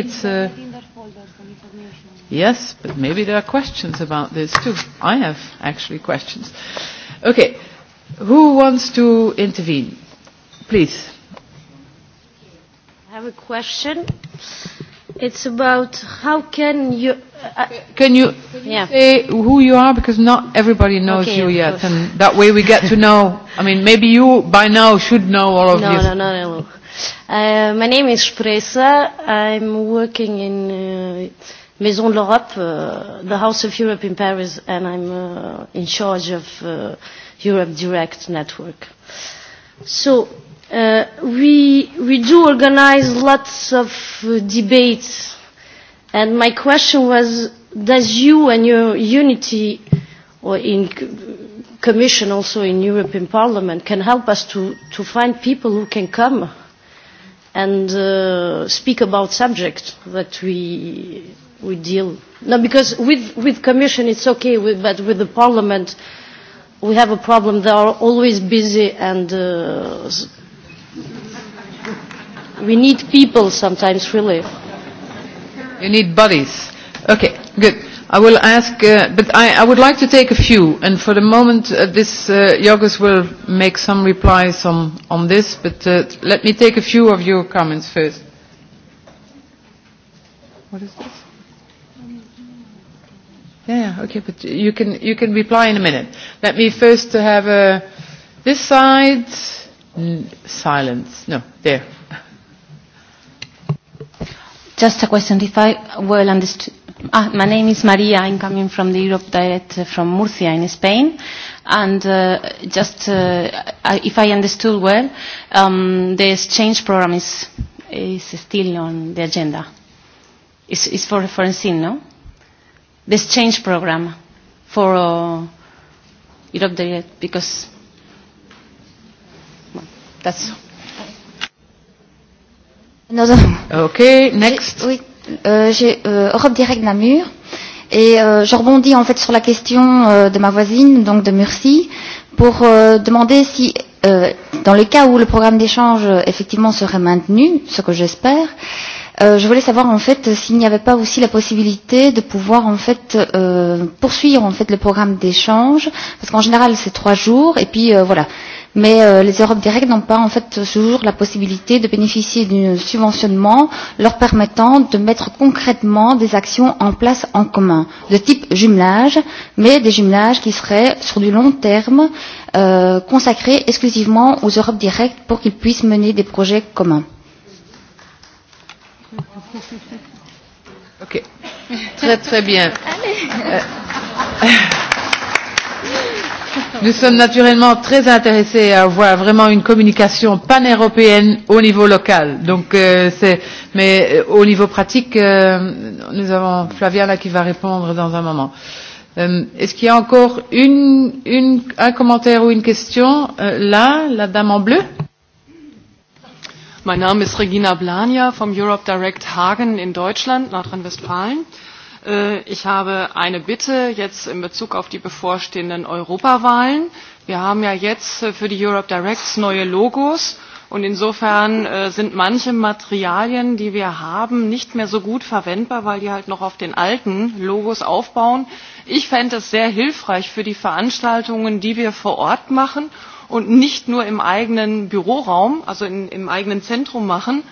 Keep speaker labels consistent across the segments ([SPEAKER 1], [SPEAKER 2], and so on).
[SPEAKER 1] It's a uh, Yes, but maybe there are questions about this too. I have actually questions. Okay, who wants to intervene? Please.
[SPEAKER 2] I have a question. It's about how can you... Uh, uh can you, can you yeah. say
[SPEAKER 1] who you are? Because not everybody knows okay, you yet. Course. And that way we get to know. I mean, maybe you by now should know all of no, this. No, no,
[SPEAKER 2] no, no. Uh, my name is Presa. I'm working in uh, Maison de l'Europe, uh, the House of Europe in Paris, and I'm uh, in charge of uh, Europe Direct Network. So uh, we, we do organize lots of uh, debates, and my question was, does you and your unity or in Commission also in European Parliament can help us to, to find people who can come and uh, speak about subjects that we, we deal. No, because with, with Commission it's okay, with, but with the Parliament we have a problem. They are always busy and uh, we need people sometimes, really. You need bodies. Okay, good. I will ask, uh,
[SPEAKER 1] but I, I would like to take a few, and for the moment, uh, this uh, Jogis will make some replies on, on this, but uh, let me take a few of your comments first. What is this? Yeah, okay, but you can, you can reply in a minute. Let me first have uh, this side. N silence. No, there.
[SPEAKER 2] Just a question, if I well understood Ah, my name is Maria. I'm coming from the Europe Direct uh, from Murcia in Spain. And uh, just, uh, I, if I understood well, um, the exchange program is, is still on the agenda. It's, it's for forensic, no? The exchange program for uh, Europe Direct, because well, that's.
[SPEAKER 1] Another. Okay, next.
[SPEAKER 3] Oui, oui euh, euh, Europe Direct Namur. Et euh, je rebondis en fait sur la question euh, de ma voisine, donc de Murcie, pour euh, demander si, euh, dans le cas où le programme d'échange euh, effectivement serait maintenu, ce que j'espère, euh, je voulais savoir en fait s'il n'y avait pas aussi la possibilité de pouvoir en fait euh, poursuivre en fait le programme d'échange, parce qu'en général c'est trois jours, et puis euh, voilà mais euh, les Europes directes n'ont pas en fait toujours la possibilité de bénéficier d'un subventionnement leur permettant de mettre concrètement des actions en place en commun, de type jumelage, mais des jumelages qui seraient sur du long terme euh, consacrés exclusivement aux Europes directes pour qu'ils puissent mener des projets communs. Ok,
[SPEAKER 1] très très bien. Allez. Euh, Nous sommes naturellement très intéressés à avoir vraiment une communication pan-européenne au niveau local. Donc, euh, mais euh, au niveau pratique, euh, nous avons Flavia là qui va répondre dans un moment. Euh, Est-ce qu'il y a encore une, une, un commentaire ou une question euh, Là, la dame en bleu.
[SPEAKER 4] Mein Name ist Regina Blania vom Europe Direct Hagen in Deutschland, Nordrhein-Westfalen. Euh, Äh, ich habe eine Bitte jetzt in Bezug auf die bevorstehenden Europawahlen. Wir haben ja jetzt äh, für die Europe Directs neue Logos. Und insofern äh, sind manche Materialien, die wir haben, nicht mehr so gut verwendbar, weil die halt noch auf den alten Logos aufbauen. Ich fände es sehr hilfreich für die Veranstaltungen, die wir vor Ort machen und nicht nur im eigenen Büroraum, also in, im eigenen Zentrum machen,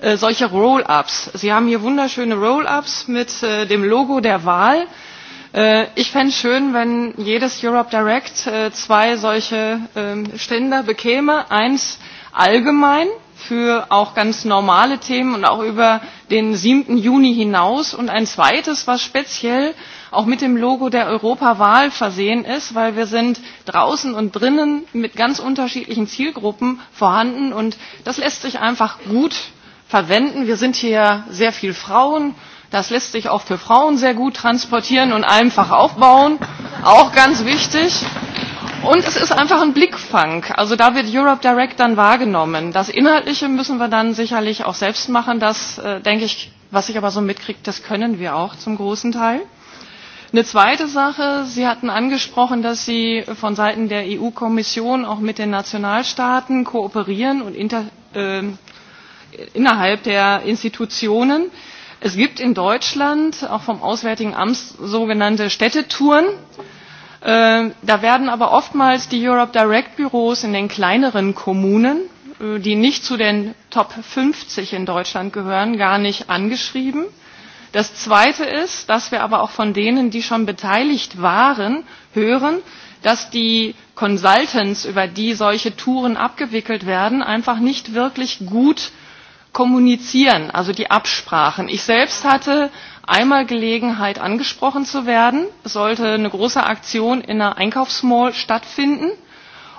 [SPEAKER 4] äh, solche Roll Ups. Sie haben hier wunderschöne Roll Ups mit äh, dem Logo der Wahl. Äh, ich fände es schön, wenn jedes Europe Direct äh, zwei solche äh, Ständer bekäme. Eins allgemein für auch ganz normale Themen und auch über den 7. Juni hinaus und ein zweites, was speziell auch mit dem Logo der Europawahl versehen ist, weil wir sind draußen und drinnen mit ganz unterschiedlichen Zielgruppen vorhanden und das lässt sich einfach gut verwenden. Wir sind hier sehr viel Frauen. Das lässt sich auch für Frauen sehr gut transportieren und einfach aufbauen. Auch ganz wichtig. Und es ist einfach ein Blickfang. Also da wird Europe Direct dann wahrgenommen. Das Inhaltliche müssen wir dann sicherlich auch selbst machen. Das, äh, denke ich, was ich aber so mitkriege, das können wir auch zum großen Teil. Eine zweite Sache, Sie hatten angesprochen, dass Sie von Seiten der EU-Kommission auch mit den Nationalstaaten kooperieren und inter, äh, innerhalb der Institutionen. Es gibt in Deutschland auch vom Auswärtigen Amt sogenannte Städtetouren. Äh, da werden aber oftmals die Europe Direct Büros in den kleineren Kommunen, äh, die nicht zu den Top 50 in Deutschland gehören, gar nicht angeschrieben. Das Zweite ist, dass wir aber auch von denen, die schon beteiligt waren, hören, dass die Consultants, über die solche Touren abgewickelt werden, einfach nicht wirklich gut äh, Kommunizieren, also die Absprachen. Ich selbst hatte einmal Gelegenheit, angesprochen zu werden. Es sollte eine große Aktion in einer Einkaufsmall stattfinden.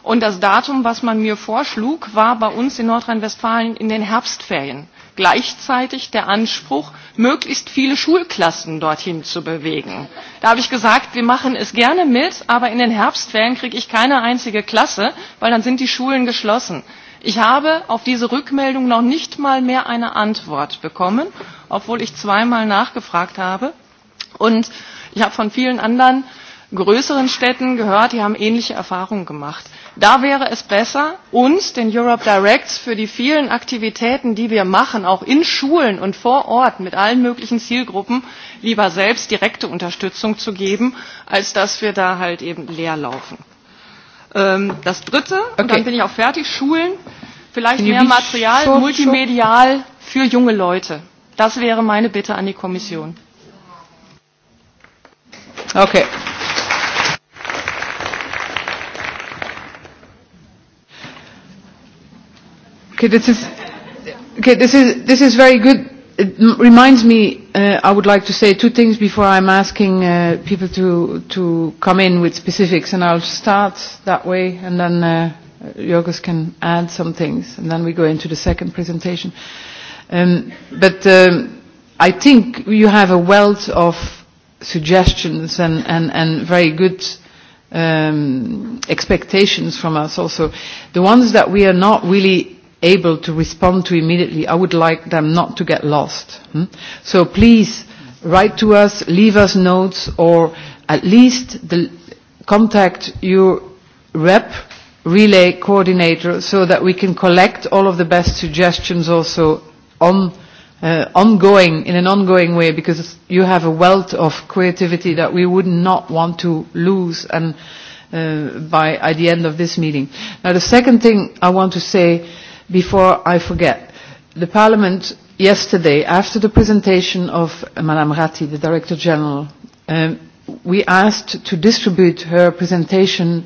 [SPEAKER 4] Und das Datum, was man mir vorschlug, war bei uns in Nordrhein-Westfalen in den Herbstferien. Gleichzeitig der Anspruch, möglichst viele Schulklassen dorthin zu bewegen. Da habe ich gesagt, wir machen es gerne mit, aber in den Herbstferien kriege ich keine einzige Klasse, weil dann sind die Schulen geschlossen ich habe auf diese rückmeldung noch nicht einmal mehr eine antwort bekommen obwohl ich zweimal nachgefragt habe und ich habe von vielen anderen größeren städten gehört die haben ähnliche erfahrungen gemacht. da wäre es besser uns den europe directs für die vielen aktivitäten die wir machen auch in schulen und vor ort mit allen möglichen zielgruppen lieber selbst direkte unterstützung zu geben als dass wir da halt eben leer laufen. Ähm, das Dritte, okay. und dann bin ich auch fertig, Schulen, vielleicht mehr Material, short, multimedial short? für junge Leute. Das wäre meine Bitte an die Kommission. Okay.
[SPEAKER 1] Okay, this is okay. This is this is very good it reminds me, uh, I would like to say two things before I'm asking uh, people to, to come in with specifics, and I'll start that way, and then uh, Jorgos can add some things, and then we go into the second presentation. Um, but um, I think you have a wealth of suggestions and, and, and very good um, expectations from us also. The ones that we are not really able to respond to immediately. I would like them not to get lost. Hmm? So please write to us, leave us notes, or at least the, contact your rep relay coordinator so that we can collect all of the best suggestions also on uh, ongoing in an ongoing way because you have a wealth of creativity that we would not want to lose and uh, by at the end of this meeting. Now the second thing I want to say uh, before I forget. The Parliament yesterday, after the presentation of Madame Ratti, the Director General, um, we asked to distribute her presentation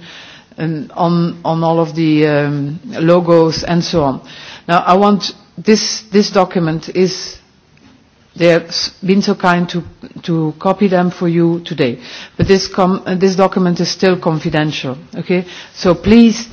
[SPEAKER 1] um, on, on all of the um, logos and so on. Now, I want this, this document is they have been so kind to, to copy them for you today. But this, com uh, this document is still confidential. Okay? So please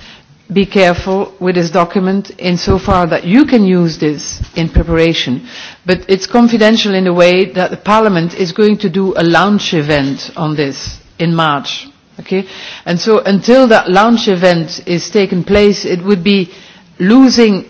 [SPEAKER 1] be careful with this document insofar that you can use this in preparation. But it's confidential in the way that the Parliament is going to do a launch event on this in March. Okay? And so until that launch event is taken place, it would be losing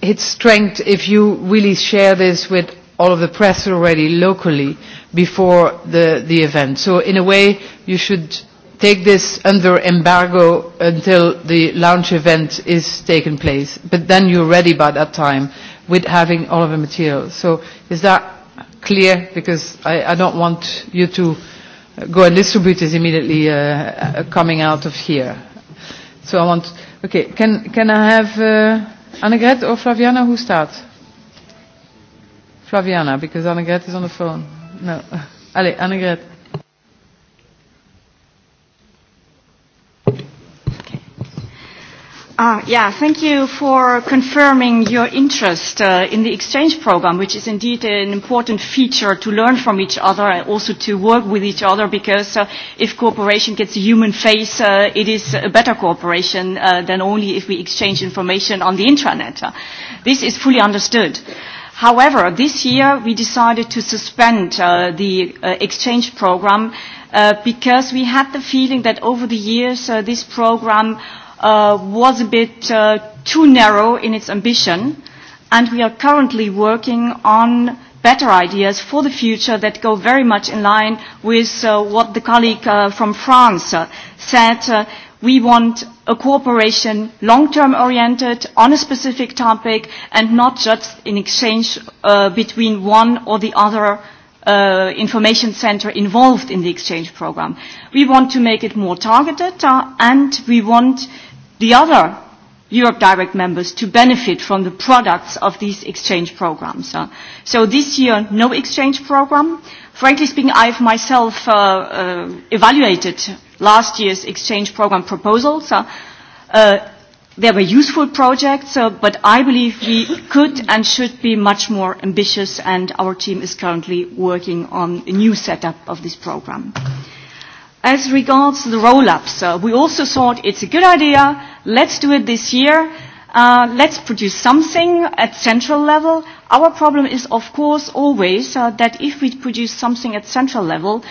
[SPEAKER 1] its strength if you really share this with all of the press already locally before the, the event. So in a way, you should take this under embargo until the launch event is taken place. But then you're ready by that time with having all of the material. So is that clear? Because I, I don't want you to go and distribute this immediately uh, uh coming out of here. So I want, okay, can, can I have uh, Annegret or Flaviana who starts? Flaviana, because Annegret is on the phone. No. Allez, Annegret.
[SPEAKER 5] Uh, yeah, thank you for confirming your interest uh, in the exchange program, which is indeed an important feature to learn from each other and also to work with each other because uh, if cooperation gets a human face, uh, it is a better cooperation uh, than only if we exchange information on the intranet. Uh, this is fully understood. However, this year we decided to suspend uh, the uh, exchange program uh, because we had the feeling that over the years uh, this program uh, was a bit uh, too narrow in its ambition, and we are currently working on better ideas for the future that go very much in line with uh, what the colleague uh, from France uh, said. Uh, we want a cooperation long-term oriented on a specific topic and not just in exchange uh, between one or the other uh, information center involved in the exchange program. We want to make it more targeted uh, and we want uh, the other Europe Direct members to benefit from the products of these exchange programs. Uh, so this year, no exchange program. Frankly speaking, I've myself uh, uh, evaluated last year's exchange program proposals. Uh, uh, there were useful projects, uh, but I believe we could and should be much more ambitious, and our team is currently working on a new setup of this program. Uh, As regards the roll-ups, uh, we also thought it's a good idea. Let's do it this year. Uh, let's produce something at central level. Our problem is, of course, always uh, that if we produce something at central level,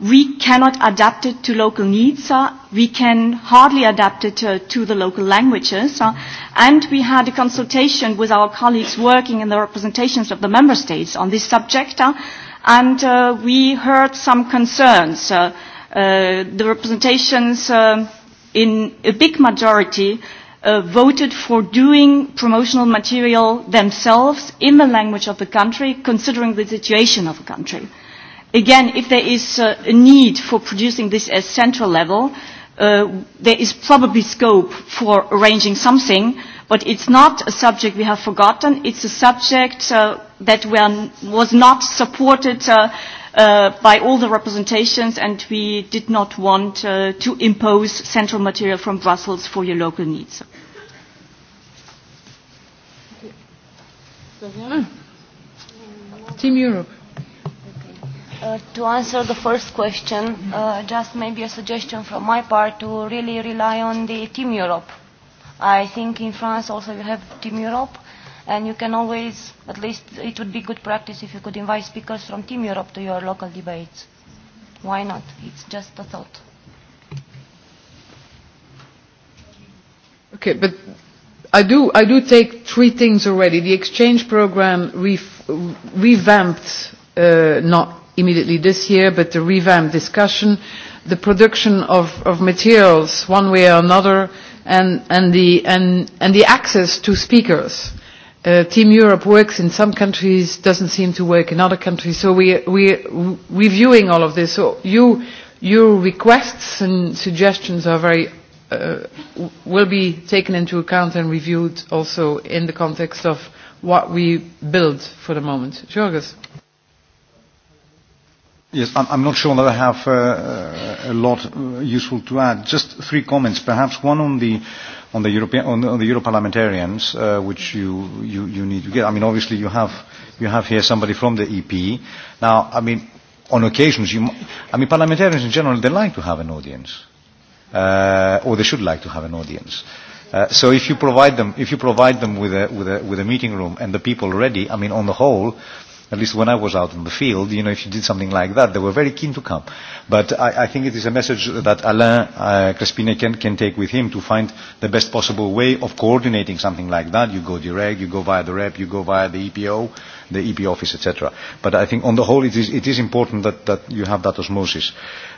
[SPEAKER 5] we cannot adapt it to local needs. Uh, we can hardly adapt it uh, to the local languages. Uh, and we had a consultation with our colleagues working in the representations of the member states on this subject. Uh, and uh, we heard some concerns. Uh, Uh, the representations um, in a big majority uh, voted for doing promotional material themselves in the language of the country, considering the situation of a country. Again, if there is uh, a need for producing this at central level, uh, there is probably scope for arranging something, but it's not a subject we have forgotten. It's a subject uh, that were, was not supported uh, uh, by all the representations and we did not want uh, to impose central material from Brussels for your local needs.
[SPEAKER 1] Team Europe.
[SPEAKER 6] Uh, to answer the first question, uh, just maybe a suggestion from my part to really rely on the Team Europe. I think in France also you have Team Europe, and you can always, at least it would be good practice if you could invite speakers from Team Europe to your local debates. Why not? It's just a thought.
[SPEAKER 1] Okay, but I do, I do take three things already. The exchange program ref, revamped, uh, not immediately this year, but the revamped discussion, the production of, of materials one way or another, and, and, the, and, and the access to speakers uh, Team Europe works in some countries, doesn't seem to work in other countries. So we, we're reviewing all of this. So you, your requests and suggestions are very, uh, will be taken into account and reviewed also in the context of what we build for the moment. Jorgis.
[SPEAKER 7] Yes, I'm, I'm not sure that I have uh, a lot uh, useful to add. Just three comments, perhaps one on the uh, on the European on, on the Euro parliamentarians, uh, which you, you you need to get. I mean, obviously you have you have here somebody from the EP. Now, I mean, on occasions, you, I mean, parliamentarians in general they like to have an audience, uh, or they should like to have an audience. Uh, so if you provide them, if you provide them with a, with, a, with a meeting room and the people ready, I mean, on the whole, at least when I was out in the field, you know, if you did something like that, they were very keen to come. But I, I think it is a message that Alain uh, Crespine can, can take with him to find the best possible way of coordinating something like that. You go direct, you go via the rep, you go via the EPO, the EB office, etc. But I think on the whole it is, it is important that, that you have that osmosis.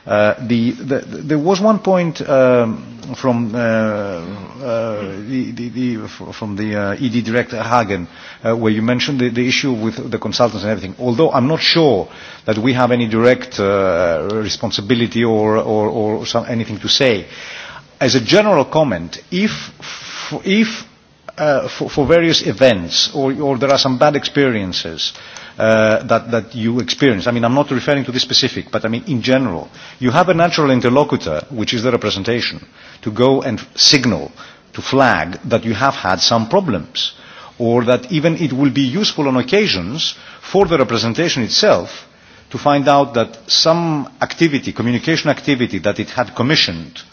[SPEAKER 7] Uh, the, the, there was one point um, from, uh, uh, the, the, the, from the uh, ED director Hagen uh, where you mentioned the, the issue with the consultants and everything. Although I'm not sure that we have any direct uh, responsibility or, or, or some, anything to say. As a general comment, if, if uh, for, for various events or, or there are some bad experiences uh, that, that you experience. I mean, I'm not referring to this specific, but I mean in general. You have a natural interlocutor, which is the representation, to go and signal, to flag that you have had some problems or that even it will be useful on occasions for the representation itself to find out that some activity, communication activity that it had commissioned uh,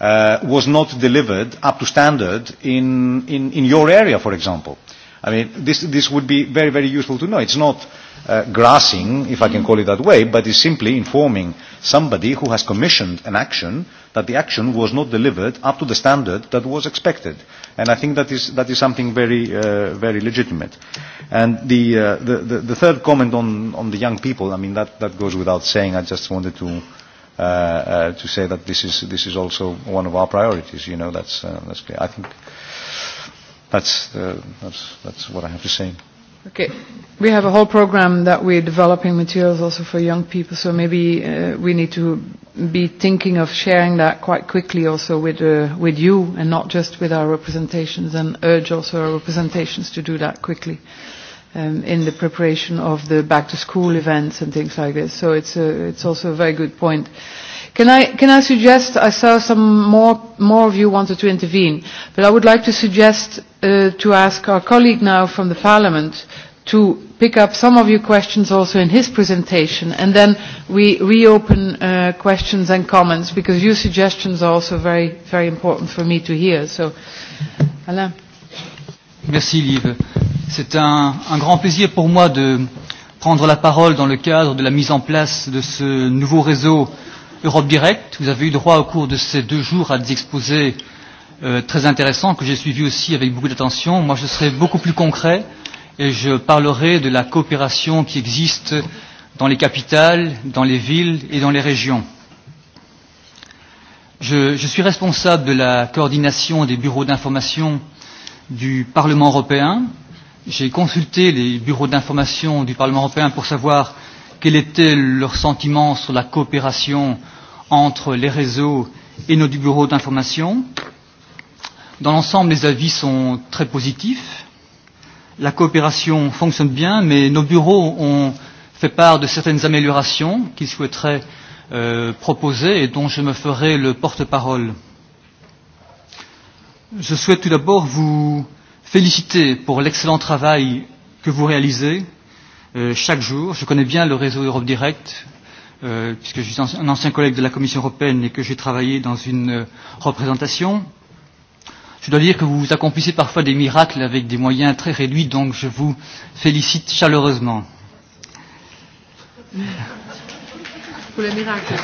[SPEAKER 7] uh, was not delivered up to standard in, in, in your area, for example. I mean, this, this would be very, very useful to know. It's not uh, grassing, if I can call it that way, but it's simply informing somebody who has commissioned an action that the action was not delivered up to the standard that was expected. And I think that is, that is something very, uh, very legitimate. And the, uh, the, the, the third comment on, on the young people, I mean, that, that goes without saying. I just wanted to, uh, uh, to say that this is this is also one of our priorities. You know, that's uh, that's clear. I think that's the, uh, that's that's what I have to say.
[SPEAKER 1] Okay, we have a whole program that we're developing materials also for young people. So maybe uh, we need to be thinking of sharing that quite quickly also with uh, with you and not just with our representations, and urge also our representations to do that quickly. Uh, um, in the preparation of the back to school events and things like this. So it's a, it's also a very good point. Can I, can I suggest, I saw some more, more of you wanted to intervene, but I would like to suggest uh, to ask our colleague now from the Parliament to pick up some of your questions also in his presentation, and then we reopen uh, questions and comments, because your suggestions are also very, very important for me to hear. So, Alain.
[SPEAKER 8] Merci Liv. C'est un, un grand plaisir pour moi de prendre la parole dans le cadre de la mise en place de ce nouveau réseau Europe Direct. Vous avez eu droit au cours de ces deux jours à des exposés euh, très intéressants que j'ai suivis aussi avec beaucoup d'attention. Moi, je serai beaucoup plus concret et je parlerai de la coopération qui existe dans les capitales, dans les villes et dans les régions. Je, je suis responsable de la coordination des bureaux d'information euh, du Parlement européen. J'ai consulté les bureaux d'information du Parlement européen pour savoir quel était leur sentiment sur la coopération entre les réseaux et nos bureaux d'information. Dans l'ensemble, les avis sont très positifs. La coopération fonctionne bien, mais nos bureaux ont fait part de certaines améliorations qu'ils souhaiteraient euh, proposer et dont je me ferai le porte-parole. Euh, Je souhaite tout d'abord vous féliciter pour l'excellent travail que vous réalisez euh, chaque jour. Je connais bien le réseau Europe Direct, euh, puisque je suis un ancien collègue de la Commission européenne et que j'ai travaillé dans une euh, représentation. Je dois dire que vous accomplissez parfois des miracles avec des moyens très réduits, donc je vous félicite chaleureusement.
[SPEAKER 9] Pour les miracles.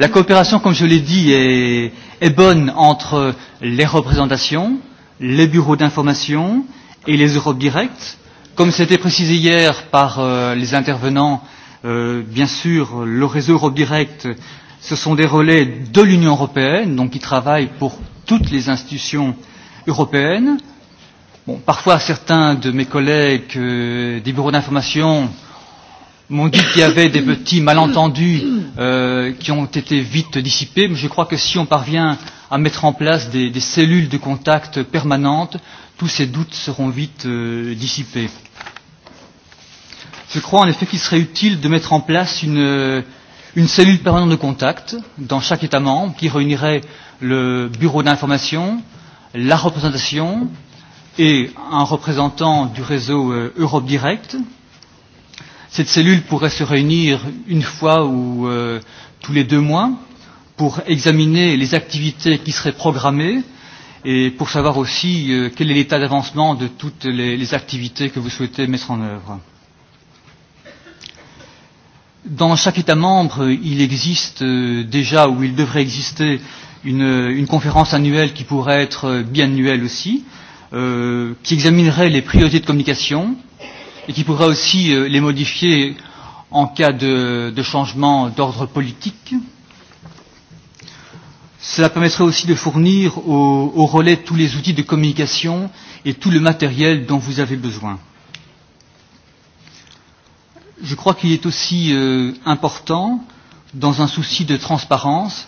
[SPEAKER 8] La coopération, comme je l'ai dit, est, est bonne entre les représentations, les bureaux d'information et les Europes directes. Comme c'était précisé hier par euh, les intervenants, euh, bien sûr, le réseau Europe Direct, ce sont des relais de l'Union européenne, donc ils travaillent pour toutes les institutions européennes. Bon, parfois, certains de mes collègues euh, des bureaux d'information euh, m'ont dit qu'il y avait des petits malentendus euh, qui ont été vite dissipés, mais je crois que si on parvient à mettre en place des, des cellules de contact permanentes, tous ces doutes seront vite euh, dissipés. Je crois en effet qu'il serait utile de mettre en place une, une cellule permanente de contact dans chaque État membre qui réunirait le bureau d'information, la représentation et un représentant du réseau euh, Europe Direct, Cette cellule pourrait se réunir une fois ou euh, tous les deux mois pour examiner les activités qui seraient programmées et pour savoir aussi euh, quel est l'état d'avancement de toutes les, les activités que vous souhaitez mettre en œuvre. Dans chaque État membre, il existe euh, déjà ou il devrait exister une, une conférence annuelle qui pourrait être euh, biannuelle aussi, euh, qui examinerait les priorités de communication, euh, et qui pourra aussi euh, les modifier en cas de, de changement d'ordre politique. Cela permettrait aussi de fournir au, au relais tous les outils de communication et tout le matériel dont vous avez besoin. Je crois qu'il est aussi euh, important, dans un souci de transparence,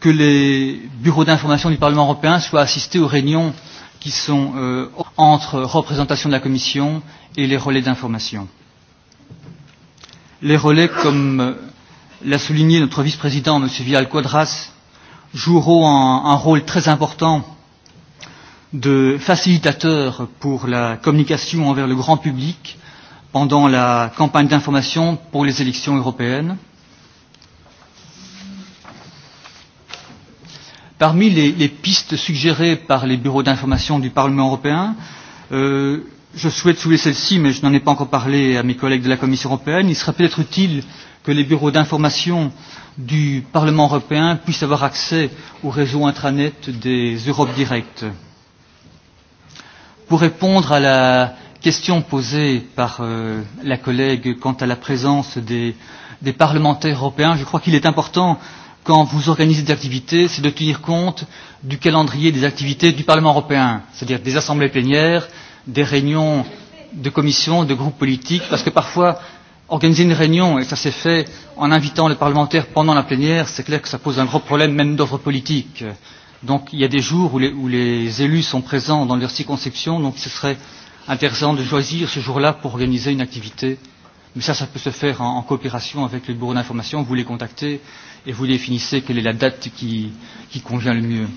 [SPEAKER 8] que les bureaux d'information du Parlement européen soient assistés aux réunions qui sont euh, entre représentation de la Commission et les relais d'information. Les relais, comme euh, l'a souligné notre vice-président, M. Vial Quadras, joueront un, un rôle très important de facilitateur pour la communication envers le grand public pendant la campagne d'information pour les élections européennes. Euh, Parmi les, les pistes suggérées par les bureaux d'information du Parlement européen, euh, je souhaite soulever celle-ci, mais je n'en ai pas encore parlé à mes collègues de la Commission européenne. Il serait peut-être utile que les bureaux d'information du Parlement européen puissent avoir accès au réseau intranet des Europes directes. Pour répondre à la question posée par euh, la collègue quant à la présence des, des parlementaires européens, je crois qu'il est important euh, quand vous organisez des activités, c'est de tenir compte du calendrier des activités du Parlement européen, c'est-à-dire des assemblées plénières, des réunions de commissions, de groupes politiques, parce que parfois, organiser une réunion, et ça s'est fait en invitant les parlementaires pendant la plénière, c'est clair que ça pose un gros problème même d'ordre politique. Donc il y a des jours où les, où les élus sont présents dans leur circonscription, donc ce serait intéressant de choisir ce jour-là pour organiser une activité. Mais ça, ça peut se faire en, en coopération avec le bureau d'information, vous les contactez et vous définissez quelle est la date qui, qui convient le mieux.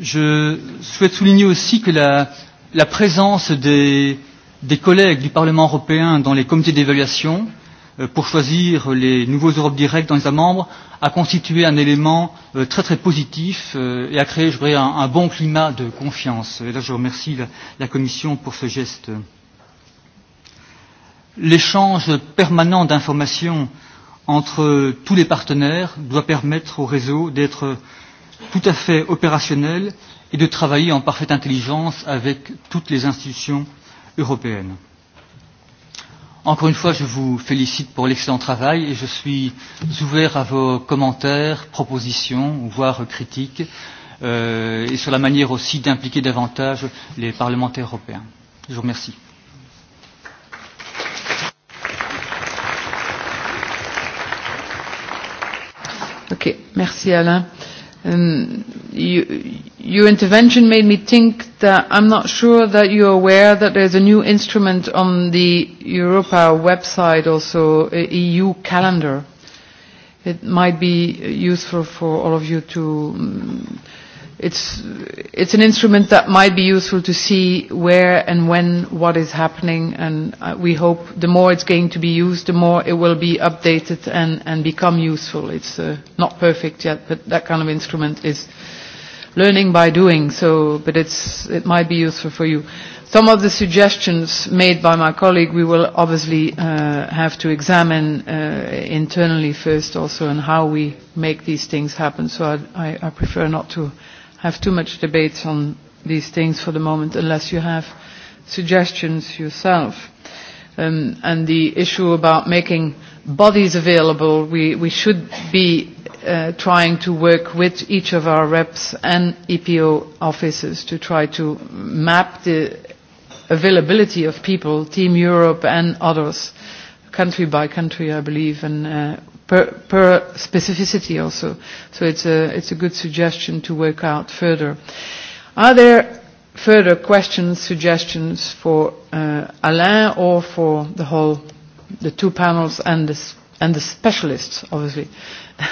[SPEAKER 8] Je souhaite souligner aussi que la, la présence des, des collègues du Parlement européen dans les comités d'évaluation euh, pour choisir les nouveaux Europes directs dans les États membres a constitué un élément euh, très très positif euh, et a créé, je dirais, un, un bon climat de confiance. Et là, je remercie la, la Commission pour ce geste. Euh, L'échange permanent d'informations entre tous les partenaires doit permettre au réseau d'être tout à fait opérationnel et de travailler en parfaite intelligence avec toutes les institutions européennes. Encore une fois, je vous félicite pour l'excellent travail et je suis ouvert à vos commentaires, propositions, voire critiques, euh, et sur la manière aussi d'impliquer davantage les parlementaires européens. Je vous remercie. Okay, merci Alain.
[SPEAKER 1] Um, you, your intervention made me think that I'm not sure that you're aware that there's a new instrument on the Europa website, also a uh, EU calendar. It might be useful for all of you to um, it's it's an instrument that might be useful to see where and when what is happening and uh, we hope the more it's going to be used the more it will be updated and and become useful it's uh, not perfect yet but that kind of instrument is learning by doing so but it's it might be useful for you some of the suggestions made by my colleague we will obviously uh, have to examine uh, internally first also and how we make these things happen so I, I, I prefer not to have too much debates on these things for the moment unless you have suggestions yourself. Um, and the issue about making bodies available, we, we should be uh, trying to work with each of our reps and EPO offices to try to map the availability of people, Team Europe and others, country by country, I believe, and uh, per, per specificity also. So it's a, it's a good suggestion to work out further. Are there further questions, suggestions for uh, Alain or for the whole, the two panels and the, and the specialists, obviously?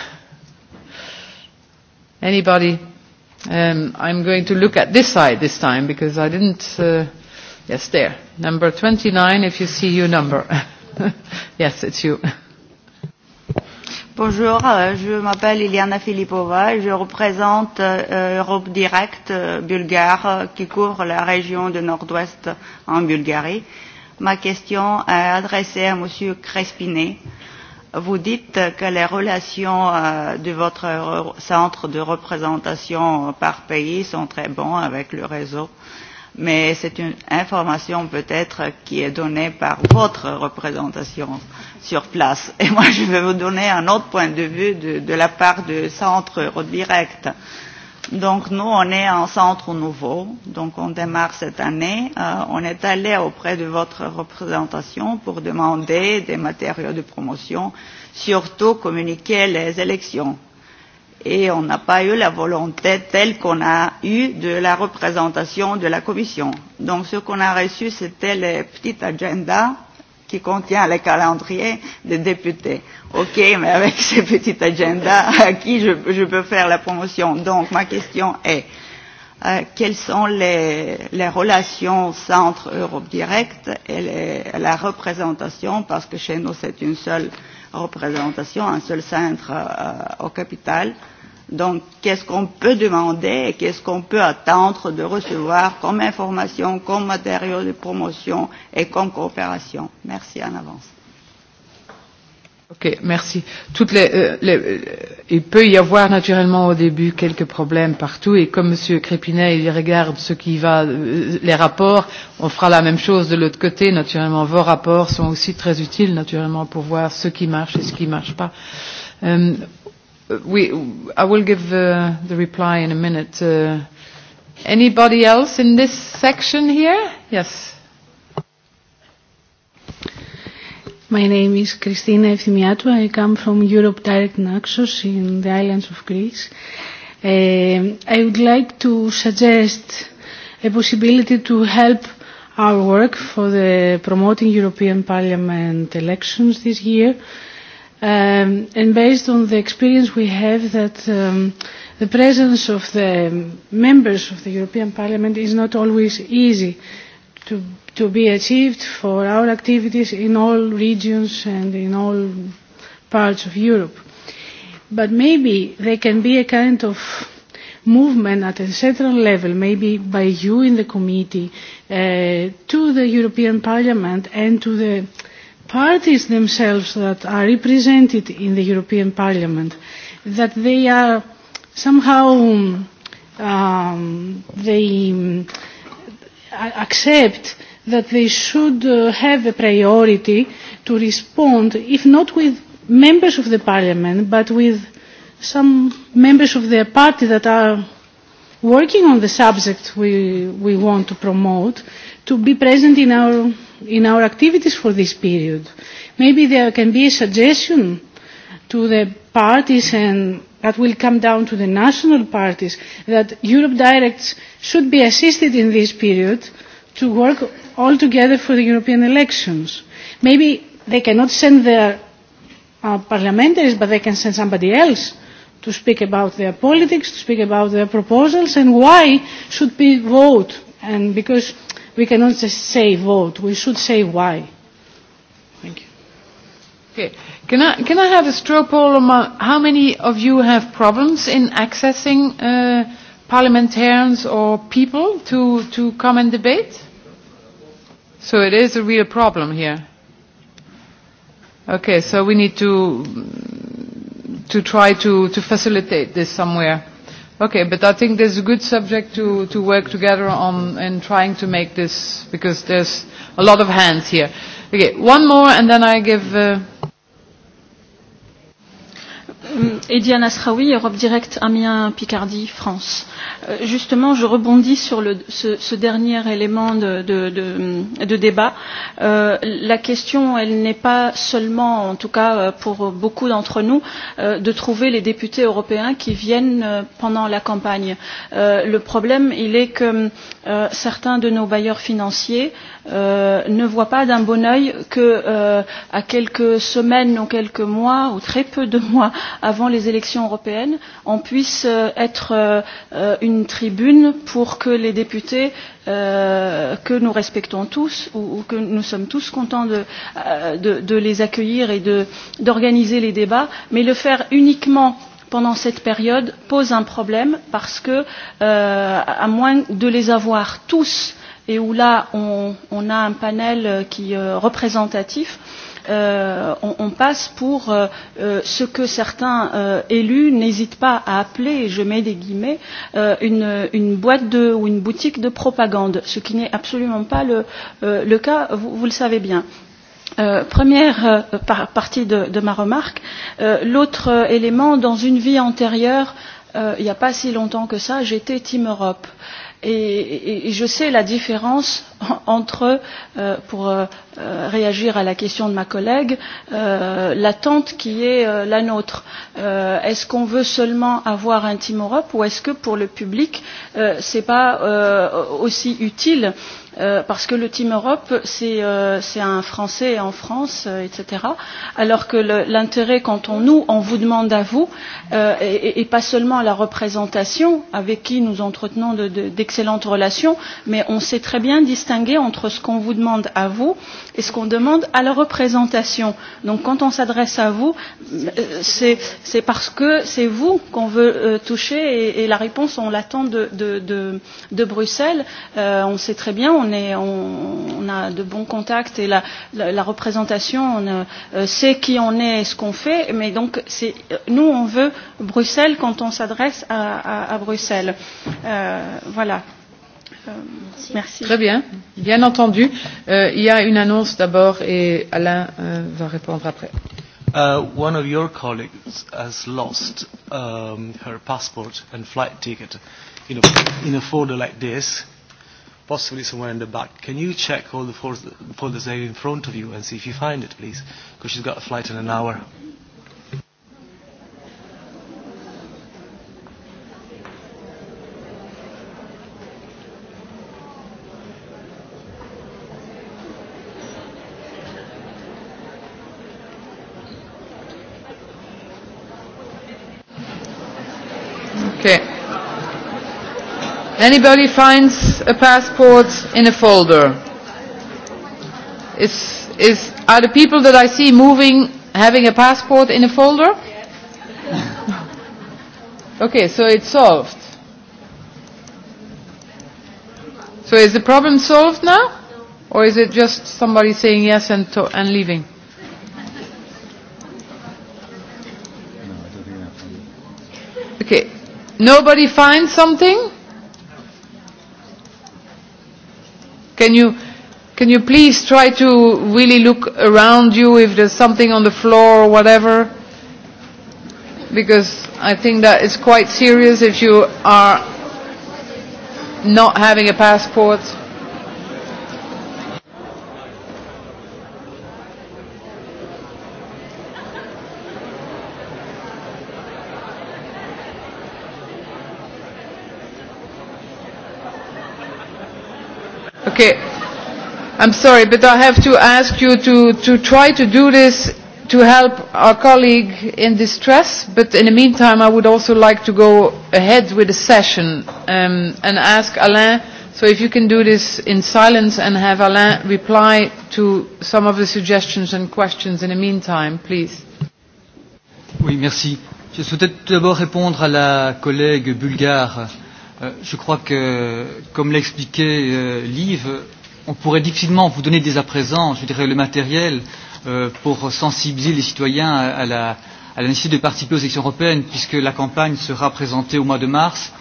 [SPEAKER 1] Anybody? Um, I'm going to look at this side this time because I didn't. Uh, yes, there. Number 29, if you see your number. yes, it's you.
[SPEAKER 10] Bonjour, euh, je m'appelle Iliana Filipova et je représente euh, Europe Direct euh, bulgare qui couvre la région du Nord-Ouest en Bulgarie. Ma question est adressée à Monsieur Crespinet. Vous dites que les relations de votre centre de représentation par pays sont très bonnes avec le réseau. Euh, mais c'est une information peut-être qui est donnée par votre représentation sur place. Et moi, je vais vous donner un autre point de vue de, de la part du centre Eurodirect. Donc nous, on est un centre nouveau, donc on démarre cette année. Euh, on est allé auprès de votre représentation pour demander des matériaux de promotion, surtout communiquer les élections et on n'a pas eu la volonté telle qu'on a eue de la représentation de la Commission. Donc ce qu'on a reçu, c'était le petit agenda qui contient le calendrier des députés. Ok, mais avec ce petit agenda, à qui je, je peux faire la promotion Donc ma question est, euh, quelles sont les, les relations centre-Europe directe et les, la représentation, parce que chez nous c'est une seule représentation, un seul centre euh, au capital. Euh, Donc, qu'est-ce qu'on peut demander et qu'est-ce qu'on peut attendre de recevoir comme information, comme matériaux de promotion et comme coopération Merci en avance.
[SPEAKER 1] Ok, merci. Toutes les, euh, les, euh, il peut y avoir naturellement au début quelques problèmes partout et comme M. Crépinet il regarde ce qui va, euh, les rapports, on fera la même chose de l'autre côté. Naturellement, vos rapports sont aussi très utiles naturellement pour voir ce qui marche et ce qui ne marche pas. Euh, we, I will give uh, the reply in a minute. Uh, anybody else in this section here?
[SPEAKER 9] Yes. My name is Christina Efthymiatou. I come from Europe Direct Naxos in the islands of Greece. Uh, I would like to suggest a possibility to help our work for the promoting European Parliament elections this year. Uh, Um, and based on the experience we have that um, the presence of the members of the European Parliament is not always easy to, to be achieved for our activities in all regions and in all parts of Europe. But maybe there can be a kind of movement at a central level, maybe by you in the committee, uh, to the European Parliament and to the uh, parties themselves that are represented in the European Parliament, that they are somehow um, um they um, accept that they should uh, have a priority to respond, if not with members of the parliament, but with some members of their party that are working on the subject we, we want to promote, to be present in our in our activities for this period. Maybe there can be a suggestion to the parties and that will come down to the national parties that Europe directs should be assisted in this period to work all together for the European elections. Maybe they cannot send their uh, parliamentaries, but they can send somebody else to speak about their politics, to speak about their proposals, and why should we vote? And because we cannot just say vote. We should say why. Thank
[SPEAKER 1] you. Okay. Can I, can I have a straw poll among how many of you have problems in accessing uh, parliamentarians or people to, to come and debate? So it is a real problem here. Okay, so we need to, to try to, to facilitate this somewhere. Okay, but I think there's a good subject to, to work together on in trying to make this, because there's a lot of hands here. Okay, one more and then I give... Uh, Euh, Ediane Asraoui, Europe Direct, Amiens,
[SPEAKER 11] Picardie, France. Euh, justement, je rebondis sur le, ce, ce dernier élément de, de, de, de débat. Euh, la question, elle n'est pas seulement, en tout cas euh, pour beaucoup d'entre nous, euh, de trouver les députés européens qui viennent euh, pendant la campagne. Euh, le problème, il est que euh, certains de nos bailleurs financiers euh, ne voit pas d'un bon œil que, euh, à quelques semaines ou quelques mois, ou très peu de mois avant les élections européennes, on puisse euh, être euh, euh une tribune pour que les députés euh, que nous respectons tous ou, ou que nous sommes tous contents de, euh, de, de les accueillir et d'organiser les débats, mais le faire uniquement pendant cette période pose un problème parce que, euh, à moins de les avoir tous et où là on, on a un panel qui euh, représentatif euh, on, on passe pour euh, euh ce que certains euh, élus n'hésitent pas à appeler, je mets des guillemets, euh, une, une boîte de, ou une boutique de propagande, ce qui n'est absolument pas le, euh, le cas, vous, vous le savez bien. Euh, première euh, par, partie de, de ma remarque. Euh, L'autre euh, élément, dans une vie antérieure, euh, il n'y a pas si longtemps que ça, j'étais Team Europe. Euh, Et, et, et je sais la différence entre, euh, pour euh, euh, réagir à la question de ma collègue, euh, l'attente qui est euh, la nôtre. Euh, est-ce qu'on veut seulement avoir un Team Europe ou est-ce que pour le public, euh, ce n'est pas euh, aussi utile euh, Euh, parce que le Team Europe, c'est euh, un Français en France, euh, etc. Alors que l'intérêt, quand on nous, on vous demande à vous, euh, et, et pas seulement la représentation avec qui nous entretenons d'excellentes de, de, relations, mais on sait très bien distinguer entre ce qu'on vous demande à vous et ce qu'on demande à la représentation. Donc quand on s'adresse à vous, euh, c'est parce que c'est vous qu'on veut euh, toucher et, et la réponse, on l'attend de, de, de, de Bruxelles. Euh, on sait très bien, on, est, on, on a de bons contacts et la, la, la représentation on, euh, sait qui on est et ce qu'on fait. Mais donc, euh, nous, on veut Bruxelles quand on s'adresse à, à, à Bruxelles. Euh, voilà. Euh, merci. Très bien,
[SPEAKER 1] bien entendu. Euh, il y a une annonce d'abord et Alain euh, va répondre après.
[SPEAKER 7] Uh, one of your colleagues has lost um, her passport and flight ticket in a, in a folder like this possibly somewhere in the back. Can you check all the folders there in front of you and see if you find it, please? Because she's got a flight in an hour.
[SPEAKER 1] Anybody finds a passport in a folder? Is, is, are the people that I see moving having a passport in a folder? Yes. okay, so it's solved. So is the problem solved now? Or is it just somebody saying yes and, to and leaving? Okay. Nobody finds something? Can you, can you please try to really look around you if there's something on the floor or whatever? Because I think that it's quite serious if you are not having a passport. Okay. I'm sorry, but I have to ask you to, to try to do this to help our colleague in distress, but in the meantime, I would also like to go ahead with the session um, and ask Alain, so if you can do this in silence and have Alain reply to some of the suggestions and questions in the meantime, please.
[SPEAKER 8] Oui, merci. Je souhaitais tout d'abord répondre à la collègue bulgare euh, Euh, je crois que, comme l'a expliqué euh, Liv, on pourrait difficilement vous donner dès à présent, je dirais, le matériel euh, pour sensibiliser les citoyens à, à la à la nécessité de participer aux élections européennes, puisque la campagne sera présentée au mois de mars.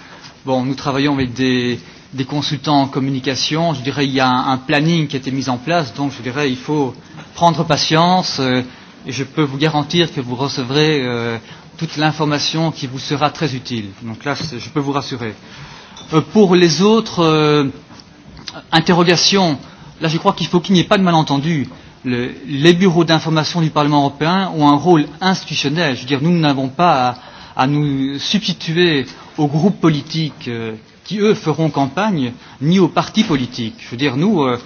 [SPEAKER 8] Bon, nous travaillons avec des, des consultants en communication. Je dirais il y a un, un planning qui a été mis en place, donc je dirais il faut prendre patience. Euh, et je peux vous garantir que vous recevrez euh, toute l'information qui vous sera très utile. Donc là, je peux vous rassurer. Euh, Euh, pour les autres euh, interrogations, là je crois qu'il faut qu'il n'y ait pas de malentendu. Le, les bureaux d'information du Parlement européen ont un rôle institutionnel. Je veux dire, nous n'avons pas à, à nous substituer aux groupes politiques euh, qui, eux, feront campagne, ni aux partis politiques. Je veux dire, nous, euh,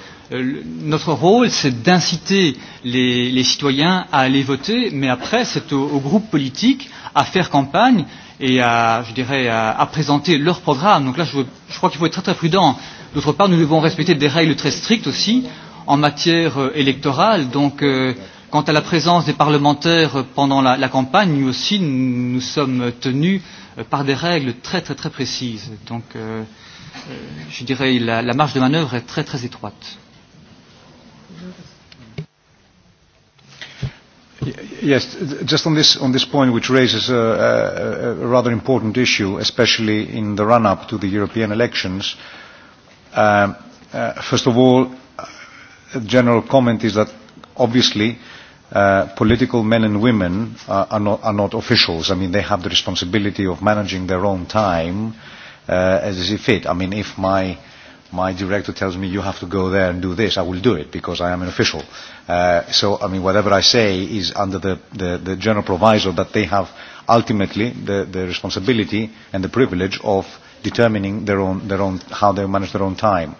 [SPEAKER 8] notre rôle, c'est d'inciter les, les citoyens à aller voter, mais après, c'est aux au, au groupes politiques à faire campagne et à, je dirais, à, à présenter leur programme. Donc là, je, veux, je crois qu'il faut être très très prudent. D'autre part, nous devons respecter des règles très strictes aussi en matière euh, électorale. Donc, euh, quant à la présence des parlementaires euh, pendant la, la campagne, nous aussi, nous, nous sommes tenus euh, par des règles très très très précises. Donc, euh, euh, je dirais, la, la marge de manœuvre est très très étroite.
[SPEAKER 7] Yes, just on this, on this point, which raises a, a, a rather important issue, especially in the run-up to the European elections. Um, uh, first of all, a general comment is that obviously uh, political men and women uh, are, not, are not officials. I mean, they have the responsibility of managing their own time uh, as they see fit. I mean, if my uh, my director tells me you have to go there and do this, I will do it because I am an official. Uh, so, I mean, whatever I say is under the, the, the general proviso that they have ultimately the, the responsibility and the privilege of determining their own, their own, how they manage their own time.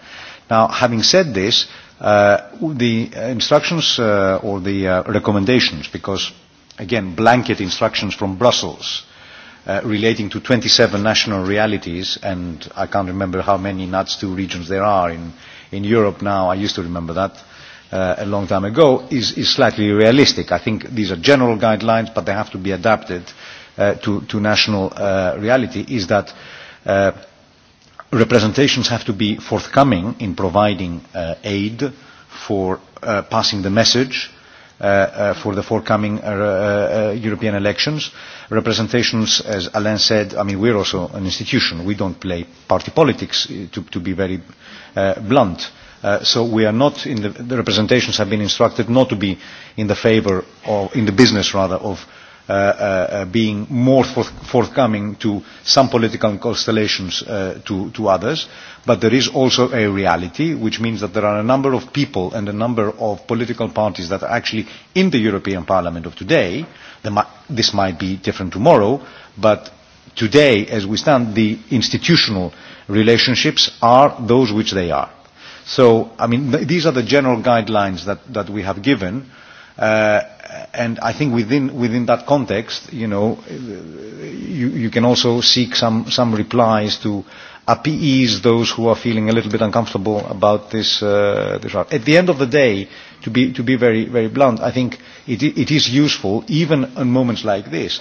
[SPEAKER 7] Now, having said this, uh, the instructions uh, or the uh, recommendations, because again, blanket instructions from Brussels, uh, uh, relating to 27 national realities, and I can't remember how many NUTS 2 regions there are in, in Europe now, I used to remember that uh, a long time ago, is, is slightly realistic. I think these are general guidelines, but they have to be adapted uh, to, to national uh, reality, is that uh, representations have to be forthcoming in providing uh, aid for uh, passing the message uh, uh, for the forthcoming uh, uh, uh, European elections. Representations, as Alain said, I mean, we're also an institution. We don't play party politics, uh, to, to be very uh, blunt. Uh, so we are not in the, the representations have been instructed not to be in the favor of, in the business rather, of uh, Uh, uh, uh, being more forth forthcoming to some political constellations uh, to, to others. But there is also a reality, which means that there are a number of people and a number of political parties that are actually in the European Parliament of today. This might be different tomorrow, but today, as we stand, the institutional relationships are those which they are. So, I mean, th these are the general guidelines that, that we have given. Uh, and I think within within that context, you know, you, you can also seek some some replies to appease those who are feeling a little bit uncomfortable about this. Uh, this route. At the end of the day, to be to be very very blunt, I think it it is useful even in moments like this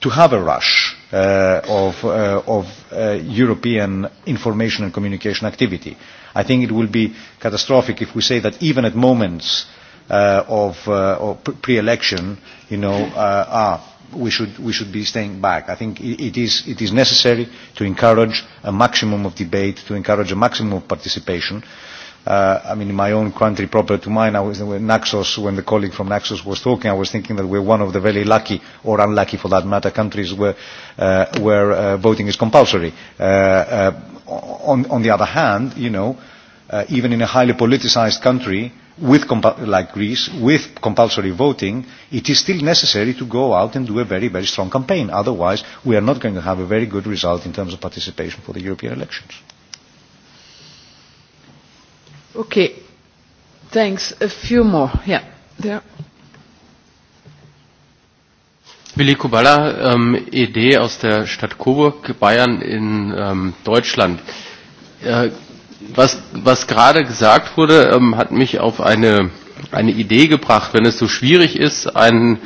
[SPEAKER 7] to have a rush uh, of uh, of uh, European information and communication activity. I think it will be catastrophic if we say that even at moments. Uh, uh, of uh, or pre-election, you know, uh, are. Ah, we should, we should be staying back. I think it, it, is, it is necessary to encourage a maximum of debate, to encourage a maximum of participation. Uh, I mean, in my own country proper to mine, I was in Naxos, when the colleague from Naxos was talking, I was thinking that we're one of the very lucky, or unlucky for that matter, countries where, uh, where uh, voting is compulsory. Uh, uh, on, on the other hand, you know, uh, even in a highly politicized country, with like Greece, with compulsory voting, it is still necessary to go out and do a very, very strong campaign. Otherwise, we are not going to have a very good result in terms of participation for the European elections.
[SPEAKER 1] Okay. Thanks. A few more. Yeah. There.
[SPEAKER 10] Willi Kubala, ähm, ED aus der Stadt Coburg, Bayern in ähm, Deutschland. Äh, was, was gerade gesagt wurde, ähm, hat mich auf eine, eine Idee gebracht. Wenn es so schwierig ist, einen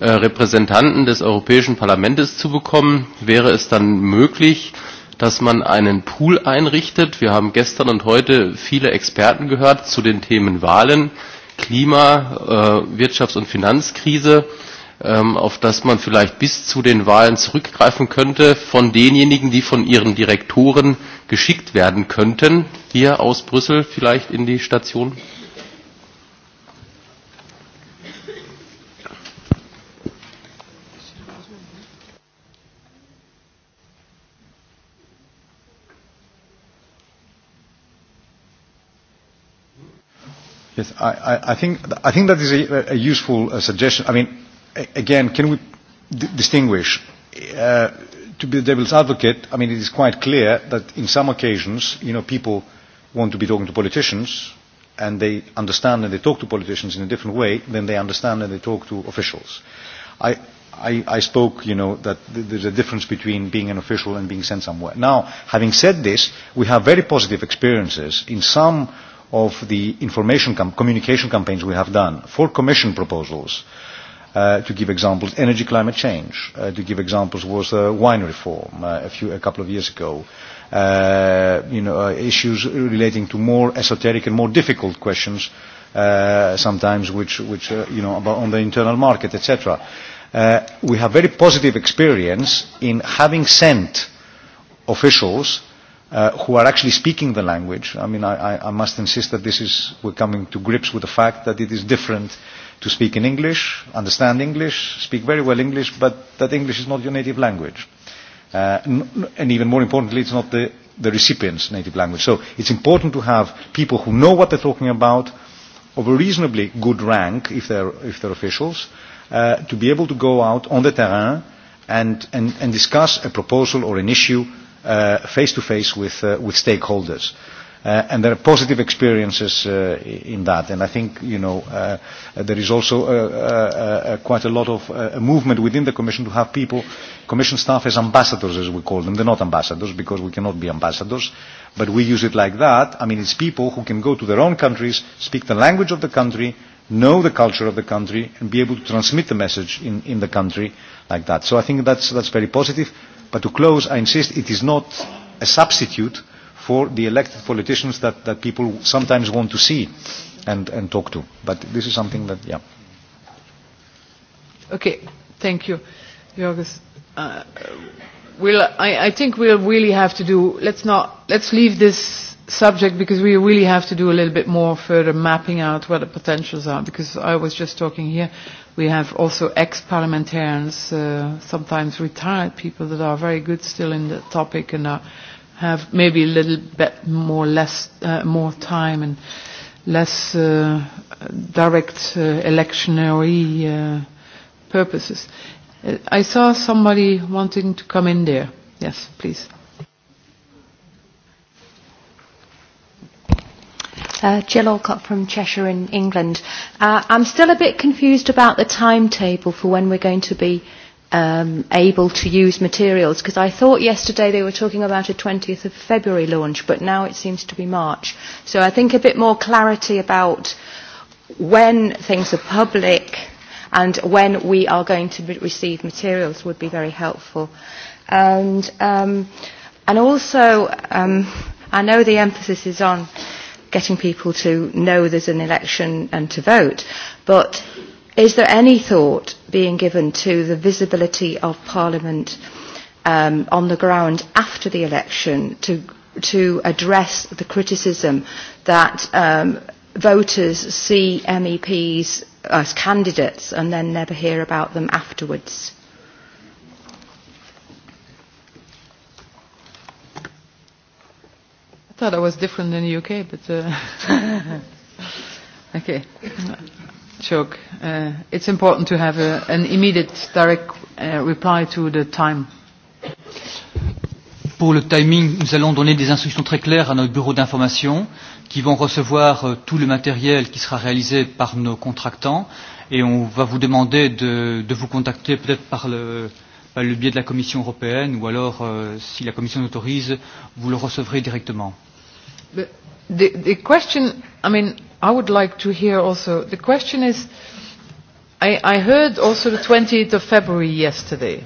[SPEAKER 10] äh, Repräsentanten des Europäischen Parlaments zu bekommen, wäre es dann möglich, dass man einen Pool einrichtet. Wir haben gestern und heute viele Experten gehört zu den Themen Wahlen, Klima, äh, Wirtschafts- und Finanzkrise, ähm, auf das man vielleicht bis zu den Wahlen zurückgreifen könnte von denjenigen, die von ihren Direktoren geschickt werden könnten, hier aus Brüssel vielleicht in die Station?
[SPEAKER 7] Yes, I, I, I, think, I think that is a, a useful uh, suggestion. I mean, a, again, can we d distinguish uh, to be the devil's advocate, I mean, it is quite clear that in some occasions, you know, people want to be talking to politicians and they understand and they talk to politicians in a different way than they understand and they talk to officials. I, I, I spoke, you know, that th there's a difference between being an official and being sent somewhere. Now, having said this, we have very positive experiences in some of the information com communication campaigns we have done for commission proposals uh, Uh, to give examples, energy climate change. Uh, to give examples was uh, wine reform uh, a, few, a couple of years ago. Uh, you know, uh, issues relating to more esoteric and more difficult questions, uh, sometimes which, which uh, you know, about on the internal market, etc. Uh, we have very positive experience in having sent officials uh, who are actually speaking the language. I mean, I, I, I must insist that this is, we're coming to grips with the fact that it is different uh, to speak in English, understand English, speak very well English, but that English is not your native language. Uh, and even more importantly, it's not the, the recipient's native language. So it's important to have people who know what they're talking about, of a reasonably good rank, if they're, if they're officials, uh, to be able to go out on the terrain and, and, and discuss a proposal or an issue uh, face to face with, uh, with stakeholders. Uh, uh, and there are positive experiences uh, in that. And I think you know uh, uh, there is also uh, uh, uh, quite a lot of uh, movement within the Commission to have people, Commission staff as ambassadors, as we call them. They're not ambassadors because we cannot be ambassadors, but we use it like that. I mean, it's people who can go to their own countries, speak the language of the country, know the culture of the country, and be able to transmit the message in, in the country like that. So I think that's, that's very positive. But to close, I insist, it is not a substitute uh, for the elected politicians that, that people sometimes want to see and, and talk to. But this is something that, yeah.
[SPEAKER 1] Okay, thank you, Jorgis. Uh, we'll, I, I think we'll really have to do, let's not, let's leave this subject because we really have to do a little bit more further mapping out what the potentials are because I was just talking here, we have also ex-parliamentarians, uh, sometimes retired people that are very good still in the topic and are uh, have maybe a little bit more less uh, more time and less uh, direct uh, electionary uh, purposes. Uh, I saw somebody wanting to come in there. Yes, please.
[SPEAKER 6] Uh, Jill Alcott from Cheshire in England. Uh, I'm still a bit confused about the timetable for when we're going to be uh, um, able to use materials? Because I thought yesterday they were talking about a 20th of February launch, but now it seems to be March. So I think a bit more clarity about when things are public and when we are going to re receive materials would be very helpful. And, um, and also, um, I know the emphasis is on getting people to know there's an election and to vote, but Is there any thought being given to the visibility of Parliament um, on the ground after the election to, to address the criticism that um, voters see MEPs as candidates and then never hear about them afterwards?
[SPEAKER 1] I thought I was different in the UK, but uh, okay. Chok. Uh, it's important to have a, an immediate direct uh, reply to the time.
[SPEAKER 8] Pour le timing, nous allons donner des instructions très claires à notre bureau d'information qui vont recevoir euh, tout le matériel qui sera réalisé par nos contractants et on va vous demander de, de vous contacter peut-être par le, par le biais de la Commission européenne ou alors, euh, si la Commission l'autorise, vous le recevrez directement.
[SPEAKER 1] The, the question, I mean, I would like to hear also, the question is, I, I heard also the 20th of February yesterday.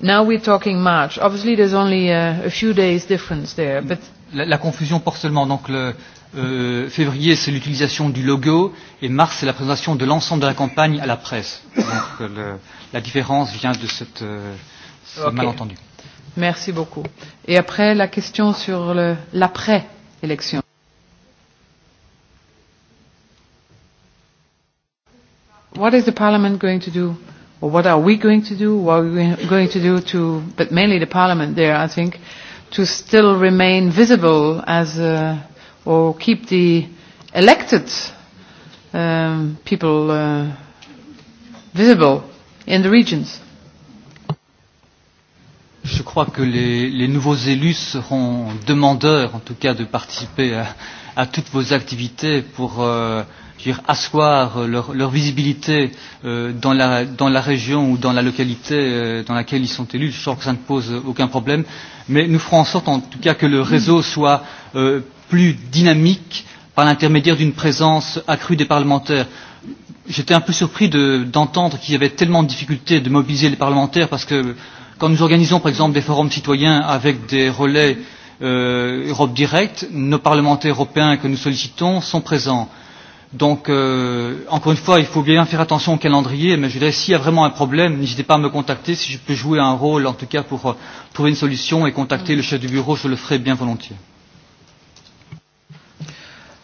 [SPEAKER 1] Now we're talking March. Obviously there's only a, uh, a few days difference there, but...
[SPEAKER 8] La, la confusion porte seulement, donc le, euh, février, c'est l'utilisation du logo, et mars, c'est la présentation de l'ensemble de la campagne à la presse. Donc euh, le, la différence vient de cette, euh, ce okay. malentendu.
[SPEAKER 1] Merci beaucoup. Et après, la question sur l'après-élection. what is the Parliament going to do, or what are we going to do, what are we going to do to, but mainly the Parliament there, I think, to still remain visible as, uh, or keep the elected um, people uh, visible in the regions?
[SPEAKER 8] Je crois que les, les nouveaux élus seront demandeurs, en tout cas, de participer à, à toutes vos activités pour euh, dire, asseoir euh, leur, leur visibilité euh, dans, la, dans la région ou dans la localité euh, dans laquelle ils sont élus. Je crois que ça ne pose aucun problème. Mais nous ferons en sorte, en tout cas, que le réseau soit euh, plus dynamique par l'intermédiaire d'une présence accrue des parlementaires. J'étais un peu surpris d'entendre de, qu'il y avait tellement de difficultés de mobiliser les parlementaires parce que quand nous organisons, par exemple, des forums citoyens avec des relais euh, Europe Direct, nos parlementaires européens que nous sollicitons sont présents. Euh, Donc, euh, encore une fois, il faut bien faire attention au calendrier, mais je dirais, s'il y a vraiment un problème, n'hésitez pas à me contacter, si je peux jouer un rôle, en tout cas, pour euh, trouver une solution et contacter le chef du bureau, je le ferai bien volontiers.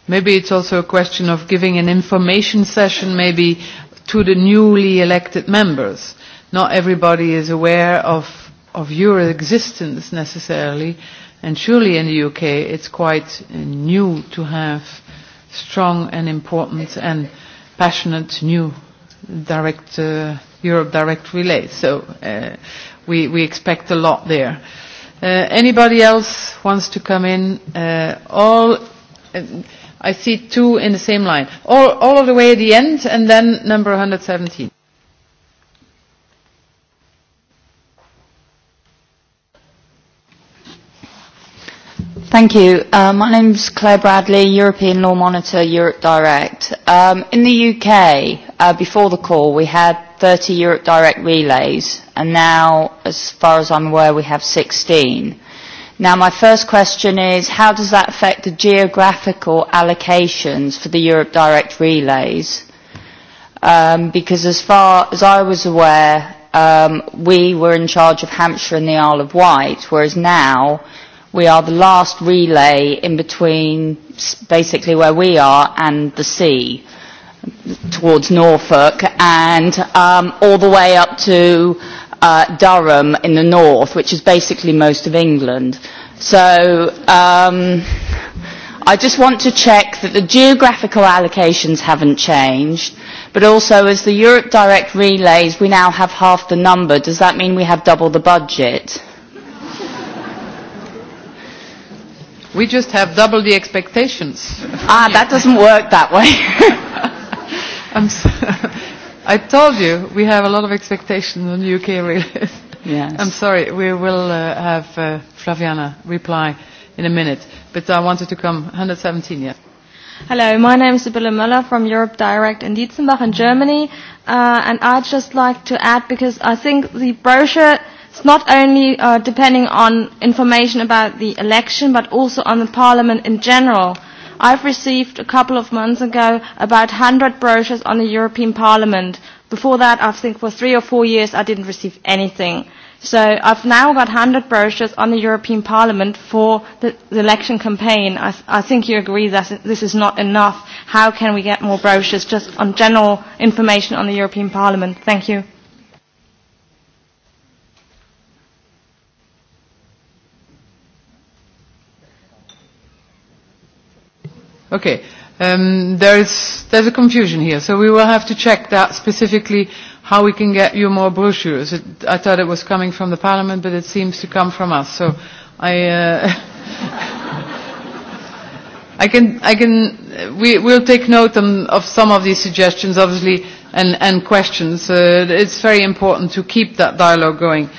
[SPEAKER 1] Maybe it's also a question of giving an information session, maybe to the newly elected members. Not everybody is aware of, of your existence necessarily, and surely in the UK it's quite uh, new to have uh, strong and important and passionate new direct uh, Europe direct relay. So uh, we, we expect a lot there. Uh, anybody else wants to come in? Uh, all, uh, I see two in the same line. All, all of the way at the end and then number 117.
[SPEAKER 3] Thank you. Uh, my name's Claire Bradley, European Law Monitor, Europe Direct. Um, in the UK, uh, before the call, we had 30 Europe Direct relays, and now, as far as I'm aware, we have 16. Now, my first question is, how does that affect the geographical allocations for the Europe Direct relays? Um, because as far as I was aware, um, we were in charge of Hampshire and the Isle of Wight, whereas now we are the last relay in between basically where we are and the sea towards Norfolk and um, all the way up to uh, Durham in the north, which is basically most of England. So um, I just want to check that the geographical allocations haven't changed, but also as the Europe Direct relays, we now have half the number. Does that mean we have double the budget? We just have double the expectations. ah, that doesn't work
[SPEAKER 1] that way. I'm so, I told you we have a lot of expectations on UK relays. Yes. I'm sorry, we will uh, have uh, Flaviana reply in a minute, but I wanted to come 117, yes. Hello, my
[SPEAKER 5] name is Sibylle Müller from Europe Direct in Dietzenbach in Germany, uh, and I'd just like to add, because I think the brochure It's not only uh, depending on information about the election, but also on the parliament in general. I've received a couple of months ago about 100 brochures on the European Parliament. Before that, I think for three or four years, I didn't receive anything. So I've now got 100 brochures on the European Parliament for the, the election campaign. I, th- I think you agree that this is not enough. How can we get more brochures just on general information on the European Parliament? Thank you.
[SPEAKER 1] Okay. Um, there's, there's a confusion here, so we will have to check that specifically how we can get you more brochures. It, I thought it was coming from the Parliament, but it seems to come from us. So I, uh, I can, I can, we, we'll take note on, of some of these suggestions, obviously, and, and questions. Uh, it's very important to keep that dialogue going.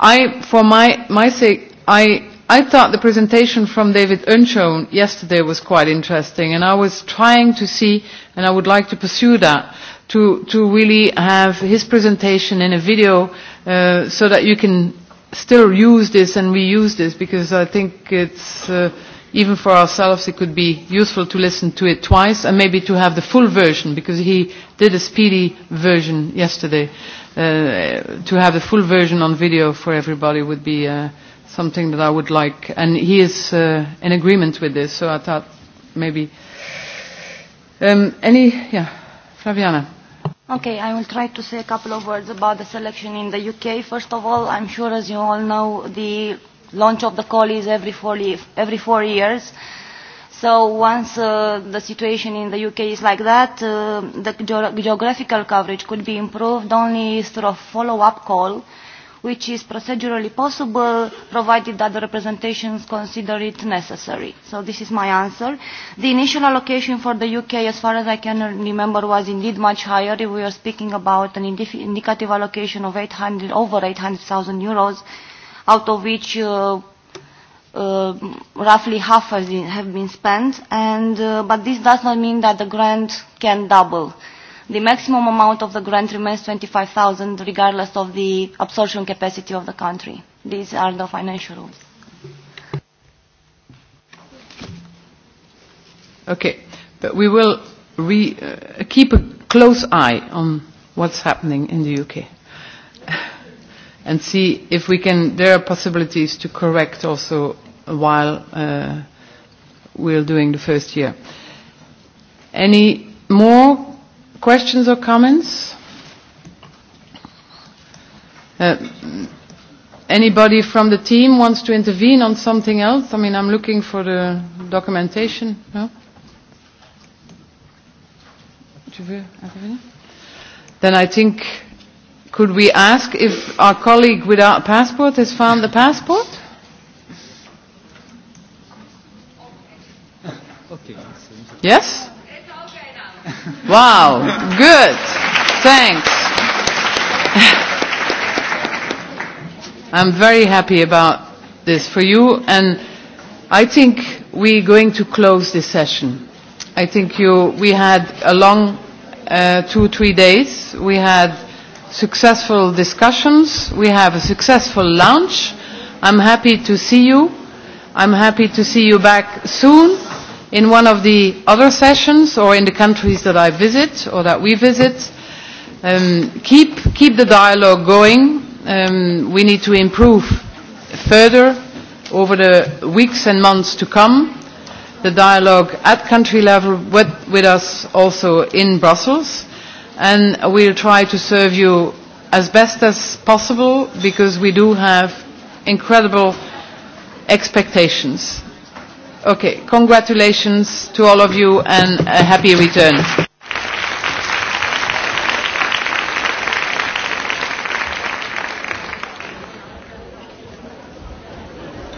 [SPEAKER 1] I, for my, my sake, I I thought the presentation from David Unschon yesterday was quite interesting, and I was trying to see, and I would like to pursue that, to, to really have his presentation in a video uh, so that you can still use this and reuse this, because I think it's, uh, even for ourselves, it could be useful to listen to it twice, and maybe to have the full version, because he did a speedy version yesterday. Uh, to have the full version on video for everybody would be... Uh, something that I would like, and he is uh, in agreement with this, so I thought maybe. Um, any, yeah, Flaviana.
[SPEAKER 6] Okay, I will try to say a couple of words about the selection in the UK. First of all, I'm sure, as you all know, the launch of the call is every four, every four years. So once uh, the situation in the UK is like that, uh, the ge geographical coverage could be improved only through a follow-up call uh, which is procedurally possible provided that the representations consider it necessary. So this is my answer. The initial allocation for the UK, as far as I can remember, was indeed much higher. We are speaking about an indicative allocation of 800, over 800,000 euros, out of which uh, uh, roughly half has been, have been spent, and, uh, but this does not mean that the grant can double. Uh, the maximum amount of the grant remains 25,000 regardless of the absorption capacity of the country. These are the financial rules.
[SPEAKER 1] Okay, but we will re, uh, keep a close eye on what's happening in the UK and see if we can, there are possibilities to correct also while uh, we're doing the first year. Any more Questions or comments? Uh, anybody from the team wants to intervene on something else? I mean, I'm looking for the documentation. No? Tu veux intervenir? Then I think, could we ask if our colleague without a passport has found the passport?
[SPEAKER 3] okay.
[SPEAKER 1] Yes? Wow, good. Thanks. I'm very happy about this for you and I think we're going to close this session. I think you, we had a long uh, two, three days. We had successful discussions. We have a successful lunch. I'm happy to see you. I'm happy to see you back soon in one of the other sessions or in the countries that I visit or that we visit. Um, keep, keep the dialogue going. Um, we need to improve further over the weeks and months to come. The dialogue at country level with, with us also in Brussels. And we'll try to serve you as best as possible because we do have incredible expectations Okay, congratulations to all of you and a happy return.